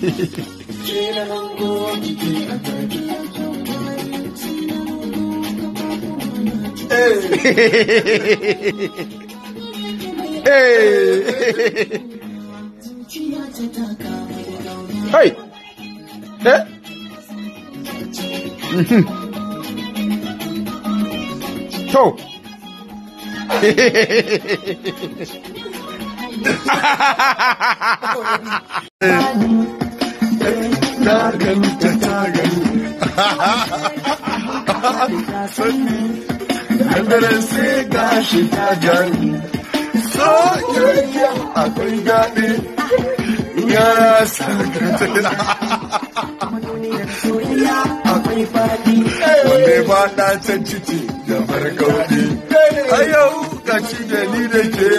はい。えうん。そう。Ha ha ha ha ha ha ha! gani ta ta gani da daren sai gashi ta gani soyayya akwai daɗi yara sarkatila akwai faɗi wanda ya faɗa can ciki da farkaudi a yau gashi da ni da ke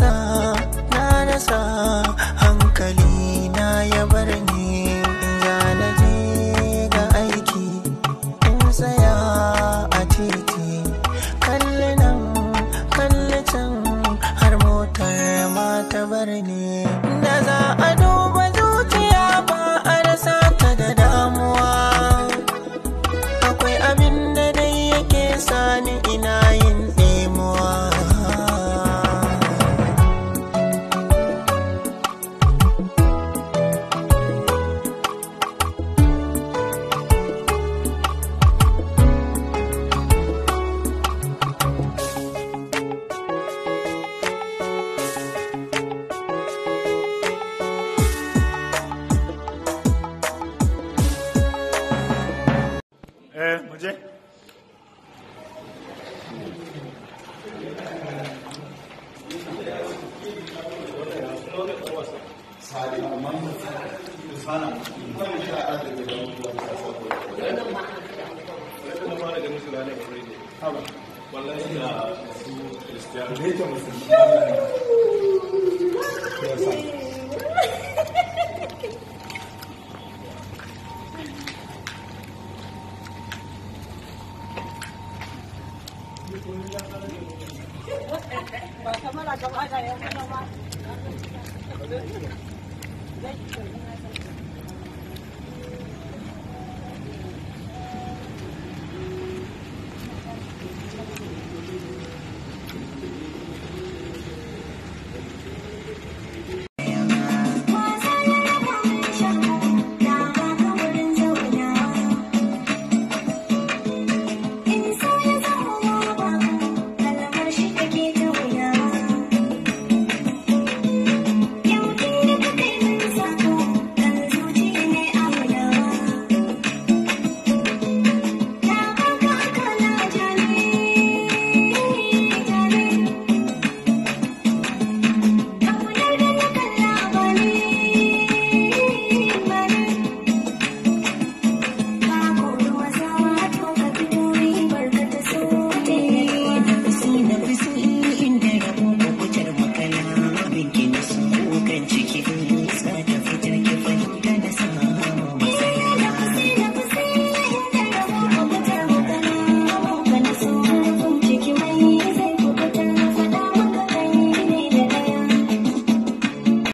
nasa na rasa hankali na ya bar ni in na je ga aiki in saya a titi kalli nan kalli can har motar ma ta bar ni je wallahi ba kamar a gaba da yanzu ba